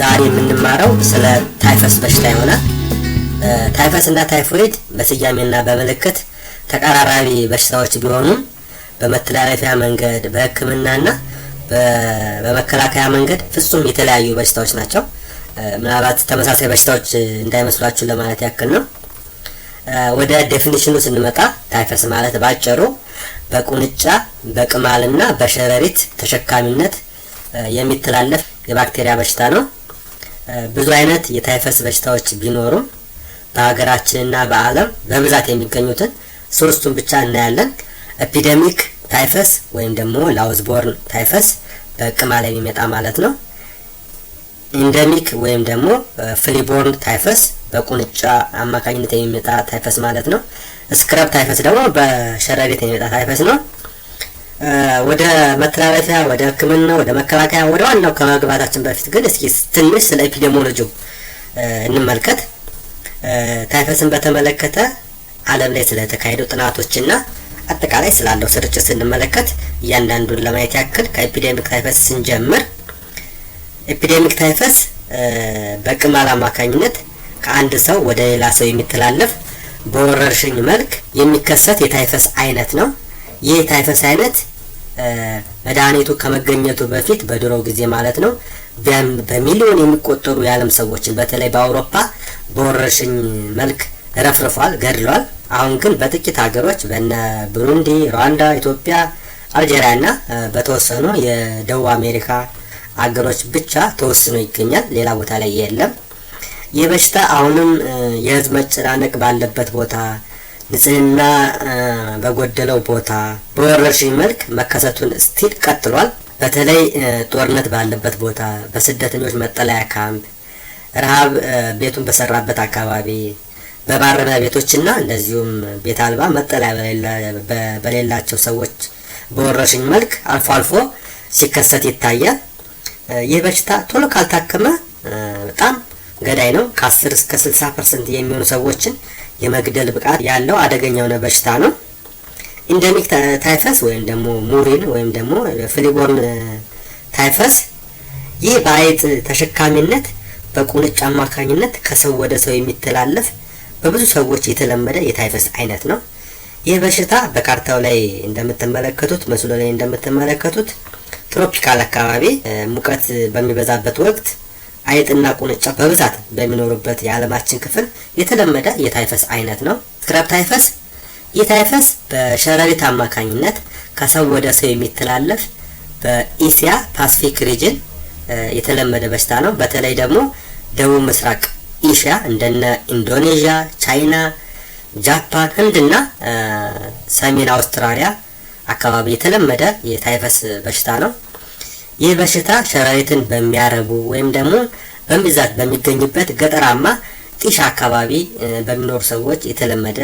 ዛሬ የምንማረው ስለ ታይፈስ በሽታ ይሆናል። ታይፈስ እና ታይፎይድ በስያሜና በምልክት ተቀራራቢ በሽታዎች ቢሆኑም በመተላለፊያ መንገድ፣ በሕክምናና በመከላከያ መንገድ ፍጹም የተለያዩ በሽታዎች ናቸው። ምናልባት ተመሳሳይ በሽታዎች እንዳይመስሏችሁ ለማለት ያክል ነው። ወደ ዴፊኒሽኑ ስንመጣ ታይፈስ ማለት ባጭሩ በቁንጫ በቅማልና በሸረሪት ተሸካሚነት የሚተላለፍ የባክቴሪያ በሽታ ነው። ብዙ አይነት የታይፈስ በሽታዎች ቢኖሩም በሀገራችንና በዓለም በብዛት የሚገኙትን ሶስቱን ብቻ እናያለን። ኤፒደሚክ ታይፈስ ወይም ደግሞ ላውዝቦርን ታይፈስ በቅማ ላይ የሚመጣ ማለት ነው። ኢንደሚክ ወይም ደግሞ ፍሪቦርን ታይፈስ በቁንጫ አማካኝነት የሚመጣ ታይፈስ ማለት ነው። ስክረብ ታይፈስ ደግሞ በሸረሪት የሚመጣ ታይፈስ ነው። ወደ መተላለፊያ ወደ ህክምና ወደ መከላከያ ወደ ዋናው ከመግባታችን በፊት ግን እስኪ ትንሽ ስለ ኤፒዴሞሎጂው እንመልከት። ታይፈስን በተመለከተ አለም ላይ ስለተካሄዱ ና አጠቃላይ ስላለው ስርጭት ስንመለከት እያንዳንዱን ለማየት ያክል ከኤፒዴሚክ ታይፈስ ስንጀምር ኤፒዴሚክ ታይፈስ በቅማል አማካኝነት ከአንድ ሰው ወደ ሌላ ሰው የሚተላለፍ በወረርሽኝ መልክ የሚከሰት የታይፈስ አይነት ነው። ይህ ታይፈስ አይነት መድኃኒቱ ከመገኘቱ በፊት በድሮ ጊዜ ማለት ነው በሚሊዮን የሚቆጠሩ የዓለም ሰዎችን በተለይ በአውሮፓ በወረርሽኝ መልክ ረፍርፏል፣ ገድሏል። አሁን ግን በጥቂት ሀገሮች በነ ብሩንዲ፣ ሩዋንዳ፣ ኢትዮጵያ፣ አልጄሪያ እና በተወሰኑ የደቡብ አሜሪካ አገሮች ብቻ ተወስኖ ይገኛል። ሌላ ቦታ ላይ የለም። ይህ በሽታ አሁንም የህዝብ መጨናነቅ ባለበት ቦታ ንጽህና በጎደለው ቦታ በወረርሽኝ መልክ መከሰቱን ስቲል ቀጥሏል። በተለይ ጦርነት ባለበት ቦታ፣ በስደተኞች መጠለያ ካምፕ፣ ረሃብ ቤቱን በሰራበት አካባቢ፣ በማረሚያ ቤቶችና እንደዚሁም ቤት አልባ መጠለያ በሌላቸው ሰዎች በወረርሽኝ መልክ አልፎ አልፎ ሲከሰት ይታያል። ይህ በሽታ ቶሎ ካልታከመ በጣም ገዳይ ነው። ከ10 እስከ 60 ፐርሰንት የሚሆኑ ሰዎችን የመግደል ብቃት ያለው አደገኛ የሆነ በሽታ ነው። ኢንደሚክ ታይፈስ ወይም ደግሞ ሙሪን ወይም ደግሞ ፍሊቦርን ታይፈስ ይህ በአይጥ ተሸካሚነት በቁንጭ አማካኝነት ከሰው ወደ ሰው የሚተላለፍ በብዙ ሰዎች የተለመደ የታይፈስ አይነት ነው። ይህ በሽታ በካርታው ላይ እንደምትመለከቱት ምስሉ ላይ እንደምትመለከቱት ትሮፒካል አካባቢ ሙቀት በሚበዛበት ወቅት አይጥና ቁንጫ በብዛት በሚኖሩበት የዓለማችን ክፍል የተለመደ የታይፈስ አይነት ነው። ስክራብ ታይፈስ ይህ ታይፈስ በሸረሪት አማካኝነት ከሰው ወደ ሰው የሚተላለፍ በኢሲያ ፓስፊክ ሪጅን የተለመደ በሽታ ነው። በተለይ ደግሞ ደቡብ ምስራቅ ኢሽያ እንደነ ኢንዶኔዥያ፣ ቻይና፣ ጃፓን፣ ህንድና ሰሜን አውስትራሊያ አካባቢ የተለመደ የታይፈስ በሽታ ነው። ይህ በሽታ ሸረሪትን በሚያረቡ ወይም ደግሞ በብዛት በሚገኝበት ገጠራማ ጢሻ አካባቢ በሚኖሩ ሰዎች የተለመደ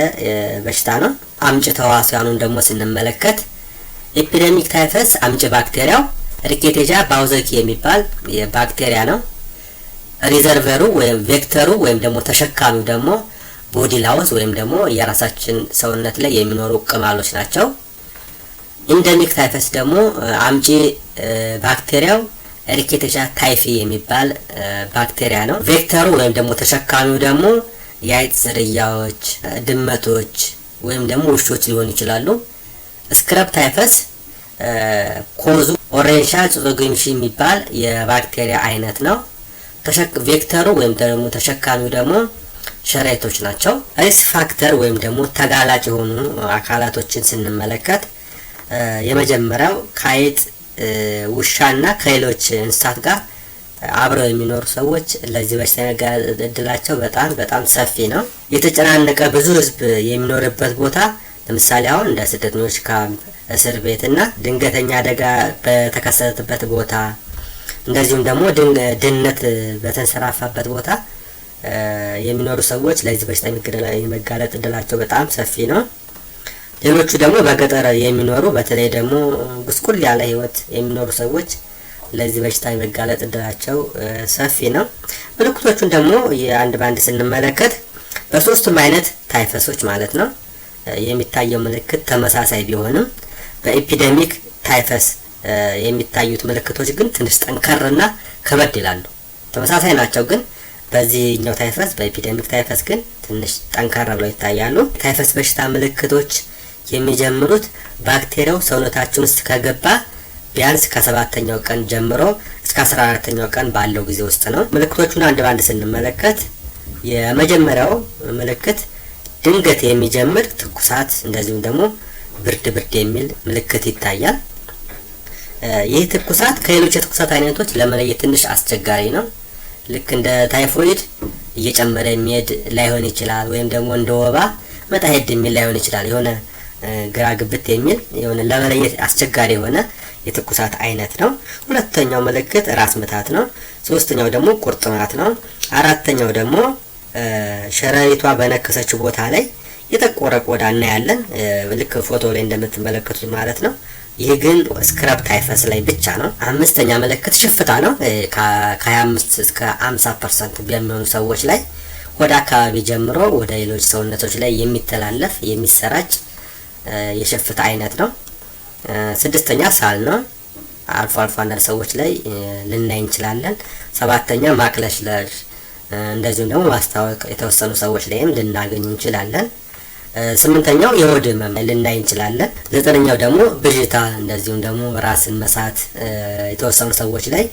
በሽታ ነው። አምጭ ተዋሲያኑን ደግሞ ስንመለከት ኤፒደሚክ ታይፈስ አምጭ ባክቴሪያው ሪኬቴጃ ባውዘኪ የሚባል ባክቴሪያ ነው። ሪዘርቨሩ ወይም ቬክተሩ ወይም ደግሞ ተሸካሚው ደግሞ ቦዲ ላውዝ ወይም ደግሞ የራሳችን ሰውነት ላይ የሚኖሩ ቅማሎች ናቸው። ኢንደሚክ ታይፈስ ደግሞ አምጪ ባክቴሪያው ሪኬቴሻ ታይፊ የሚባል ባክቴሪያ ነው። ቬክተሩ ወይም ደግሞ ተሸካሚው ደግሞ የአይጥ ዝርያዎች፣ ድመቶች ወይም ደግሞ ውሾች ሊሆኑ ይችላሉ። ስክረብ ታይፈስ ኮዙ ኦሬንሻ ጽጉምሺ የሚባል የባክቴሪያ አይነት ነው። ቬክተሩ ወይም ደግሞ ተሸካሚው ደግሞ ሸራይቶች ናቸው። ሪስክ ፋክተር ወይም ደግሞ ተጋላጭ የሆኑ አካላቶችን ስንመለከት የመጀመሪያው ከአይጥ ውሻና ከሌሎች እንስሳት ጋር አብረው የሚኖሩ ሰዎች ለዚህ በሽታ የመጋለጥ እድላቸው በጣም በጣም ሰፊ ነው። የተጨናነቀ ብዙ ህዝብ የሚኖርበት ቦታ ለምሳሌ አሁን እንደ ስደተኞች ካምፕ፣ እስር ቤት እና ድንገተኛ አደጋ በተከሰተበት ቦታ እንደዚሁም ደግሞ ድህነት በተንሰራፋበት ቦታ የሚኖሩ ሰዎች ለዚህ በሽታ የመጋለጥ እድላቸው በጣም ሰፊ ነው። ሌሎቹ ደግሞ በገጠር የሚኖሩ በተለይ ደግሞ ጉስቁል ያለ ህይወት የሚኖሩ ሰዎች ለዚህ በሽታ የመጋለጥ እድላቸው ሰፊ ነው። ምልክቶቹን ደግሞ የአንድ በአንድ ስንመለከት በሶስቱም አይነት ታይፈሶች ማለት ነው የሚታየው ምልክት ተመሳሳይ ቢሆንም በኤፒደሚክ ታይፈስ የሚታዩት ምልክቶች ግን ትንሽ ጠንከርና ከበድ ይላሉ። ተመሳሳይ ናቸው ግን በዚህኛው ታይፈስ በኤፒደሚክ ታይፈስ ግን ትንሽ ጠንከር ብለው ይታያሉ። ታይፈስ በሽታ ምልክቶች የሚጀምሩት ባክቴሪያው ሰውነታችን ውስጥ ከገባ ቢያንስ ከሰባተኛው ቀን ጀምሮ እስከ አስራ አራተኛው ቀን ባለው ጊዜ ውስጥ ነው። ምልክቶቹን አንድ በአንድ ስንመለከት የመጀመሪያው ምልክት ድንገት የሚጀምር ትኩሳት፣ እንደዚሁም ደግሞ ብርድ ብርድ የሚል ምልክት ይታያል። ይህ ትኩሳት ከሌሎች የትኩሳት አይነቶች ለመለየት ትንሽ አስቸጋሪ ነው። ልክ እንደ ታይፎይድ እየጨመረ የሚሄድ ላይሆን ይችላል፣ ወይም ደግሞ እንደ ወባ መጣ ሄድ የሚል ላይሆን ይችላል። የሆነ ግራ ግብት የሚል የሆነ ለመለየት አስቸጋሪ የሆነ የትኩሳት አይነት ነው። ሁለተኛው ምልክት ራስ ምታት ነው። ሶስተኛው ደግሞ ቁርጥማት ነው። አራተኛው ደግሞ ሸረሪቷ በነከሰችው ቦታ ላይ የጠቆረ ቆዳ እናያለን፣ ልክ ፎቶ ላይ እንደምትመለከቱት ማለት ነው። ይህ ግን ስክረብ ታይፈስ ላይ ብቻ ነው። አምስተኛ ምልክት ሽፍታ ነው። ከ25 እስከ 50 ፐርሰንት በሚሆኑ ሰዎች ላይ ወደ አካባቢ ጀምሮ ወደ ሌሎች ሰውነቶች ላይ የሚተላለፍ የሚሰራጭ የሽፍታ አይነት ነው። ስድስተኛ ሳል ነው። አልፎ አልፎ አንዳንድ ሰዎች ላይ ልናይ እንችላለን። ሰባተኛ ማቅለሽለሽ፣ እንደዚሁም ደግሞ ማስታወቅ የተወሰኑ ሰዎች ላይም ልናገኝ እንችላለን። ስምንተኛው የሆድ ህመም ልናይ እንችላለን። ዘጠነኛው ደግሞ ብዥታ፣ እንደዚሁም ደግሞ ራስን መሳት የተወሰኑ ሰዎች ላይ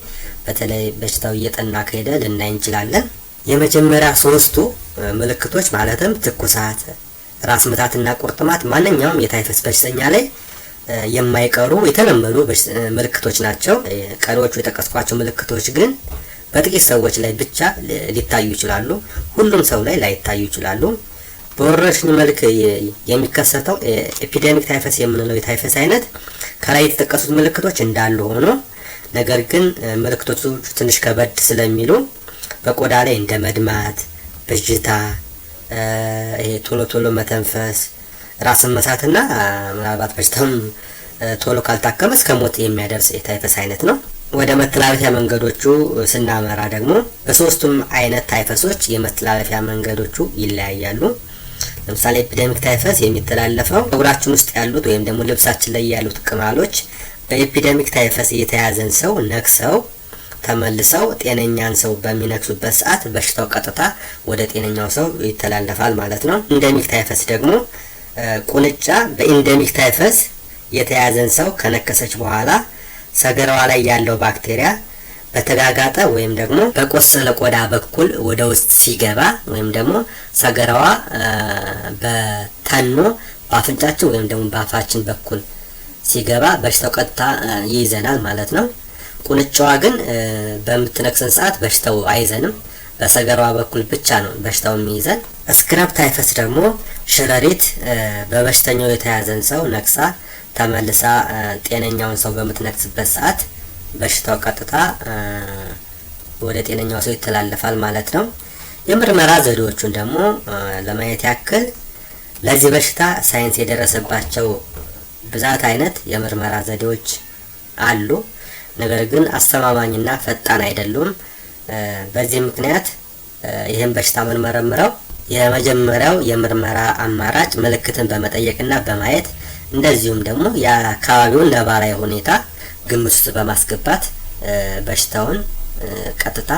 በተለይ በሽታው እየጠና ከሄደ ልናይ እንችላለን። የመጀመሪያ ሶስቱ ምልክቶች ማለትም ትኩሳት ራስ ምታትና ቁርጥማት ማንኛውም የታይፈስ በሽተኛ ላይ የማይቀሩ የተለመዱ ምልክቶች ናቸው። ቀሪዎቹ የጠቀስኳቸው ምልክቶች ግን በጥቂት ሰዎች ላይ ብቻ ሊታዩ ይችላሉ። ሁሉም ሰው ላይ ላይታዩ ይችላሉ። በወረርሽኝ መልክ የሚከሰተው ኤፒዴሚክ ታይፈስ የምንለው የታይፈስ አይነት ከላይ የተጠቀሱት ምልክቶች እንዳሉ ሆኖ ነገር ግን ምልክቶቹ ትንሽ ከበድ ስለሚሉ በቆዳ ላይ እንደ መድማት፣ በሽታ ይሄ ቶሎ ቶሎ መተንፈስ፣ ራስን መሳትና ምናልባት በሽታም ቶሎ ካልታከመ እስከ ሞት የሚያደርስ የታይፈስ አይነት ነው። ወደ መተላለፊያ መንገዶቹ ስናመራ ደግሞ በሶስቱም አይነት ታይፈሶች የመተላለፊያ መንገዶቹ ይለያያሉ። ለምሳሌ ኤፒደሚክ ታይፈስ የሚተላለፈው ፀጉራችን ውስጥ ያሉት ወይም ደግሞ ልብሳችን ላይ ያሉት ቅማሎች በኤፒደሚክ ታይፈስ የተያዘን ሰው ነክሰው ተመልሰው ጤነኛን ሰው በሚነክሱበት ሰዓት በሽታው ቀጥታ ወደ ጤነኛው ሰው ይተላለፋል ማለት ነው። ኢንደሚክ ታይፈስ ደግሞ ቁንጫ በኢንደሚክ ታይፈስ የተያዘን ሰው ከነከሰች በኋላ ሰገራዋ ላይ ያለው ባክቴሪያ በተጋጋጠ ወይም ደግሞ በቆሰለ ቆዳ በኩል ወደ ውስጥ ሲገባ ወይም ደግሞ ሰገራዋ በተኖ በአፍንጫችን ወይም ደግሞ በአፋችን በኩል ሲገባ በሽታው ቀጥታ ይይዘናል ማለት ነው። ቁንጫዋ ግን በምትነክሰን ሰዓት በሽታው አይዘንም። በሰገራዋ በኩል ብቻ ነው በሽታው የሚይዘን። ስክራብ ታይፈስ ደግሞ ሽረሪት በበሽተኛው የተያዘን ሰው ነክሳ ተመልሳ ጤነኛውን ሰው በምትነክስበት ሰዓት በሽታው ቀጥታ ወደ ጤነኛው ሰው ይተላለፋል ማለት ነው። የምርመራ ዘዴዎቹን ደግሞ ለማየት ያክል ለዚህ በሽታ ሳይንስ የደረሰባቸው ብዛት አይነት የምርመራ ዘዴዎች አሉ። ነገር ግን አስተማማኝና ፈጣን አይደሉም። በዚህ ምክንያት ይህን በሽታ ምንመረምረው የመጀመሪያው የምርመራ አማራጭ ምልክትን በመጠየቅና በማየት እንደዚሁም ደግሞ የአካባቢውን ነባራዊ ሁኔታ ግምት ውስጥ በማስገባት በሽታውን ቀጥታ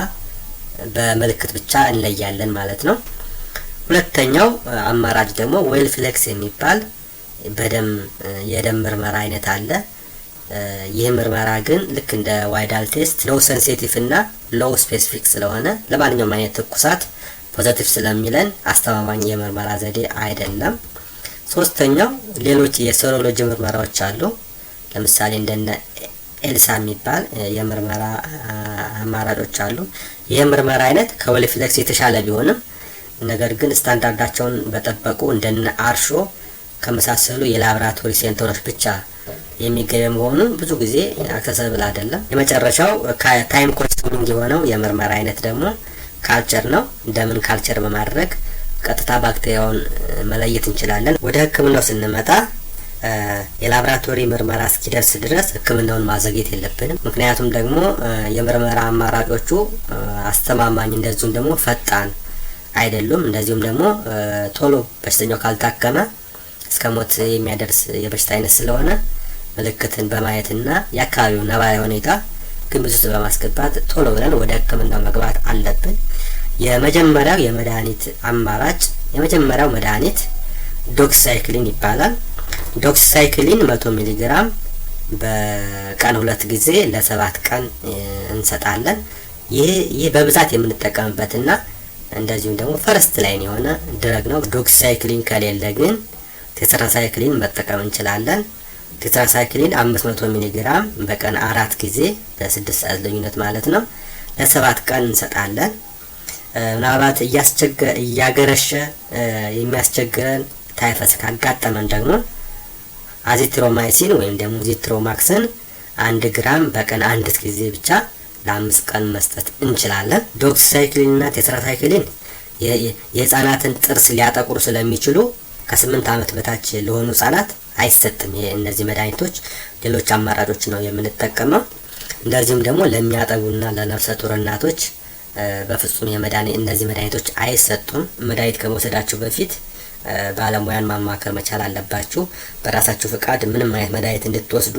በምልክት ብቻ እንለያለን ማለት ነው። ሁለተኛው አማራጭ ደግሞ ፍሌክስ የሚባል በደም የደም ምርመራ አይነት አለ። ይህ ምርመራ ግን ልክ እንደ ዋይዳል ቴስት ሎው ሴንሲቲቭ እና ሎው ስፔሲፊክ ስለሆነ ለማንኛውም አይነት ትኩሳት ፖዘቲቭ ስለሚለን አስተማማኝ የምርመራ ዘዴ አይደለም። ሶስተኛው ሌሎች የሴሮሎጂ ምርመራዎች አሉ። ለምሳሌ እንደነ ኤልሳ የሚባል የምርመራ አማራጮች አሉ። ይህ ምርመራ አይነት ከወሊፍለክስ የተሻለ ቢሆንም ነገር ግን ስታንዳርዳቸውን በጠበቁ እንደነ አርሾ ከመሳሰሉ የላብራቶሪ ሴንተሮች ብቻ የሚገኝ መሆኑ ብዙ ጊዜ አክሰሰብል አይደለም። የመጨረሻው ታይም ኮንሱሚንግ የሆነው የምርመራ አይነት ደግሞ ካልቸር ነው። እንደምን ካልቸር በማድረግ ቀጥታ ባክቴሪያውን መለየት እንችላለን። ወደ ህክምናው ስንመጣ የላብራቶሪ ምርመራ እስኪደርስ ድረስ ህክምናውን ማዘግየት የለብንም። ምክንያቱም ደግሞ የምርመራ አማራጮቹ አስተማማኝ እንደዚሁም ደግሞ ፈጣን አይደሉም። እንደዚሁም ደግሞ ቶሎ በሽተኛው ካልታከመ እስከ ሞት የሚያደርስ የበሽታ አይነት ስለሆነ ምልክትን በማየትና የአካባቢው ነባሪ ሁኔታ ግምት ውስጥ በማስገባት ቶሎ ብለን ወደ ሕክምናው መግባት አለብን። የመጀመሪያው የመድኃኒት አማራጭ የመጀመሪያው መድኃኒት ዶክሳይክሊን ይባላል። ዶክሳይክሊን መቶ ሚሊግራም በቀን ሁለት ጊዜ ለሰባት ቀን እንሰጣለን። ይህ በብዛት የምንጠቀምበትና እንደዚሁም ደግሞ ፈርስት ላይን የሆነ ድረግ ነው። ዶክሳይክሊን ከሌለ ግን ቴትራሳይክሊን መጠቀም እንችላለን። ቴትራሳይክሊን 500 ሚሊ ግራም በቀን አራት ጊዜ ለስድስት ሰዓት ልዩነት ማለት ነው ለሰባት ቀን እንሰጣለን። ምናልባት እያስቸገ እያገረሸ የሚያስቸግረን ታይፈስ ካጋጠመን ደግሞ አዚትሮማይሲን ወይም ደግሞ ዚትሮማክስን አንድ ግራም በቀን አንድ ጊዜ ብቻ ለአምስት ቀን መስጠት እንችላለን። ዶክሲሳይክሊን እና ቴትራሳይክሊን የህፃናትን ጥርስ ሊያጠቁሩ ስለሚችሉ ከስምንት ዓመት በታች ለሆኑ ህጻናት አይሰጥም። እነዚህ መድኃኒቶች ሌሎች አማራጮች ነው የምንጠቀመው። እንደዚሁም ደግሞ ለሚያጠቡና ለነፍሰ ጡር እናቶች በፍጹም እነዚህ መድኃኒቶች አይሰጡም። መድኃኒት ከመውሰዳችሁ በፊት ባለሙያን ማማከር መቻል አለባችሁ። በራሳችሁ ፍቃድ ምንም አይነት መድኃኒት እንድትወስዱ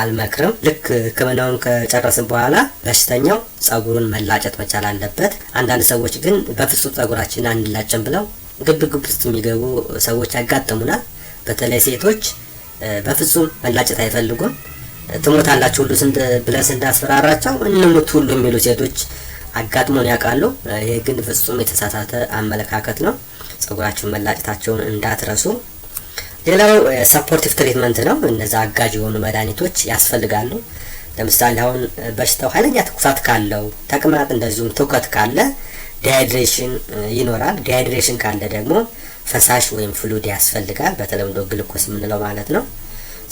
አልመክርም። ልክ ህክምናውን ከጨረስን በኋላ በሽተኛው ጸጉሩን መላጨት መቻል አለበት። አንዳንድ ሰዎች ግን በፍጹም ጸጉራችን አንላጭም ብለው ግብ ግብ ውስጥ የሚገቡ ሰዎች ያጋጥሙናል። በተለይ ሴቶች በፍጹም መላጨት አይፈልጉም። ትሞታላችሁ ሁሉ ስንት ብለን ስናስፈራራቸው እንሙት ሁሉ የሚሉ ሴቶች አጋጥሞን ያውቃሉ። ይሄ ግን ፍጹም የተሳሳተ አመለካከት ነው። ጸጉራችሁን መላጨታቸውን እንዳትረሱ። ሌላው ሰፖርቲቭ ትሪትመንት ነው። እነዚ አጋዥ የሆኑ መድኃኒቶች ያስፈልጋሉ። ለምሳሌ አሁን በሽታው ኃይለኛ ትኩሳት ካለው፣ ተቅማጥ እንደዚሁም ትውከት ካለ ዲሃይድሬሽን uh, ይኖራል። ዲሃይድሬሽን ካለ ደግሞ ፈሳሽ ወይም ፍሉድ ያስፈልጋል፣ በተለምዶ ግልኮስ የምንለው ማለት ነው።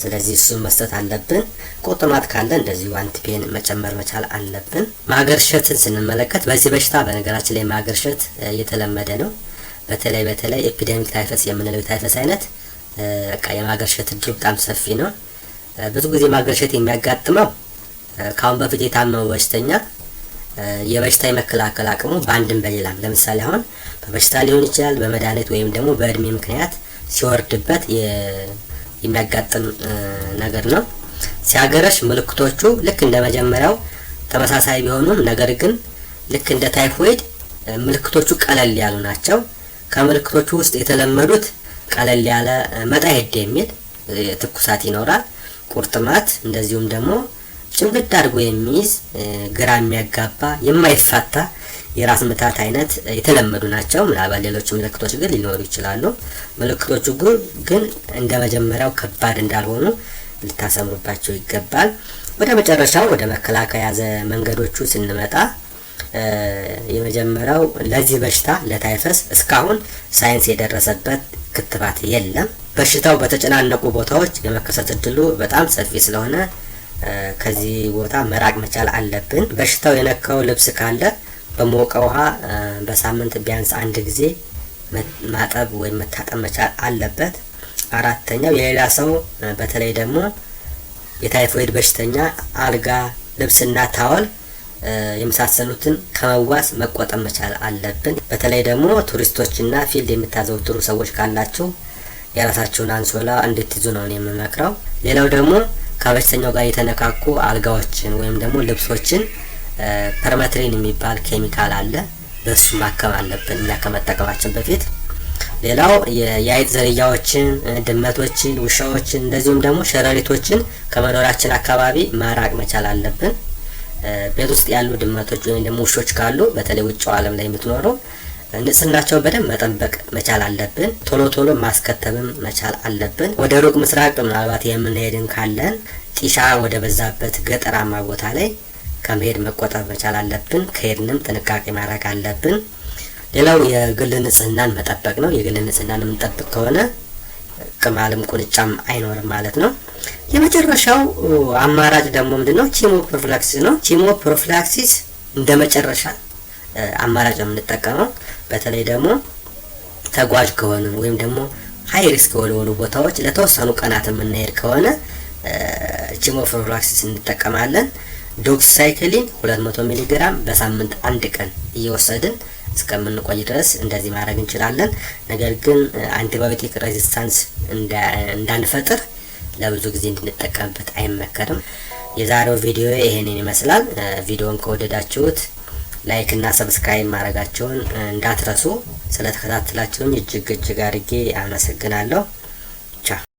ስለዚህ እሱን መስጠት አለብን። ቁርጥማት ካለ እንደዚሁ አንቲፔን መጨመር መቻል አለብን። ማገርሸትን ስንመለከት በዚህ በሽታ በነገራችን ላይ ማገርሸት uh, የተለመደ ነው። በተለይ በተለይ ኤፒደሚክ ታይፈስ የምንለው የታይፈስ አይነት uh, በቃ የማገርሸት እድሉ በጣም ሰፊ ነው። ብዙ ጊዜ ማገርሸት የሚያጋጥመው ከአሁን በፊት የታመመው በሽተኛ የበሽታ የመከላከል አቅሙ በአንድም በሌላም ለምሳሌ አሁን በበሽታ ሊሆን ይችላል፣ በመድኃኒት ወይም ደግሞ በእድሜ ምክንያት ሲወርድበት የሚያጋጥም ነገር ነው። ሲያገረሽ ምልክቶቹ ልክ እንደ መጀመሪያው ተመሳሳይ ቢሆኑም ነገር ግን ልክ እንደ ታይፎይድ ምልክቶቹ ቀለል ያሉ ናቸው። ከምልክቶቹ ውስጥ የተለመዱት ቀለል ያለ መጣ ሄድ የሚል ትኩሳት ይኖራል፣ ቁርጥማት እንደዚሁም ደግሞ ጭምድድ አድርጎ የሚይዝ ግራ የሚያጋባ የማይፋታ የራስ ምታት አይነት የተለመዱ ናቸው። ምናልባት ሌሎቹ ምልክቶች ግን ሊኖሩ ይችላሉ። ምልክቶቹ ግን እንደ መጀመሪያው ከባድ እንዳልሆኑ ልታሰምሩባቸው ይገባል። ወደ መጨረሻው ወደ መከላከያ መንገዶቹ ስንመጣ የመጀመሪያው ለዚህ በሽታ ለታይፈስ እስካሁን ሳይንስ የደረሰበት ክትባት የለም። በሽታው በተጨናነቁ ቦታዎች የመከሰት እድሉ በጣም ሰፊ ስለሆነ ከዚህ ቦታ መራቅ መቻል አለብን። በሽታው የነካው ልብስ ካለ በሞቀ ውሃ በሳምንት ቢያንስ አንድ ጊዜ ማጠብ ወይም መታጠብ መቻል አለበት። አራተኛው የሌላ ሰው በተለይ ደግሞ የታይፎይድ በሽተኛ አልጋ፣ ልብስና ታወል የመሳሰሉትን ከመዋስ መቆጠብ መቻል አለብን። በተለይ ደግሞ ቱሪስቶችና ፊልድ የምታዘወትሩ ሰዎች ካላችሁ የራሳችሁን አንሶላ እንድትይዙ ነው የምመክረው። ሌላው ደግሞ ከበሽተኛው ጋር የተነካኩ አልጋዎችን ወይም ደግሞ ልብሶችን ፐርማትሪን የሚባል ኬሚካል አለ። በሱ ማከም አለብን እኛ ከመጠቀማችን በፊት። ሌላው የአይጥ ዝርያዎችን፣ ድመቶችን፣ ውሻዎችን እንደዚሁም ደግሞ ሸረሪቶችን ከመኖራችን አካባቢ ማራቅ መቻል አለብን። ቤት ውስጥ ያሉ ድመቶች ወይም ደግሞ ውሾች ካሉ በተለይ ውጭው ዓለም ላይ የምትኖረው ንጽህናቸውን በደንብ መጠበቅ መቻል አለብን። ቶሎ ቶሎ ማስከተብም መቻል አለብን። ወደ ሩቅ ምስራቅ ምናልባት የምንሄድን ካለን ጢሻ ወደ በዛበት ገጠራማ ቦታ ላይ ከመሄድ መቆጠብ መቻል አለብን። ከሄድንም ጥንቃቄ ማድረግ አለብን። ሌላው የግል ንጽህናን መጠበቅ ነው። የግል ንጽህናን የምንጠብቅ ከሆነ ቅማልም ቁንጫም አይኖርም ማለት ነው። የመጨረሻው አማራጭ ደግሞ ምንድነው? ቺሞ ፕሮፍላክሲስ ነው። ቺሞ ፕሮፍላክሲስ እንደ መጨረሻ አማራጭ ነው የምንጠቀመው። በተለይ ደግሞ ተጓዥ ከሆነ ወይም ደግሞ ሀይ ሪስክ ወደሆኑ ቦታዎች ለተወሰኑ ቀናት የምናሄድ ከሆነ ቺሞፍሎራክሲስ እንጠቀማለን። ዶክሳይክሊን 200 ሚሊ ግራም በሳምንት አንድ ቀን እየወሰድን እስከምንቆይ ድረስ እንደዚህ ማድረግ እንችላለን። ነገር ግን አንቲባዮቲክ ሬዚስታንስ እንዳንፈጥር ለብዙ ጊዜ እንድንጠቀምበት አይመከርም። የዛሬው ቪዲዮ ይሄንን ይመስላል። ቪዲዮን ከወደዳችሁት ላይክ እና ሰብስክራይብ ማድረጋቸውን እንዳትረሱ። ስለተከታተላችሁኝ እጅግ እጅግ አድርጌ አመሰግናለሁ።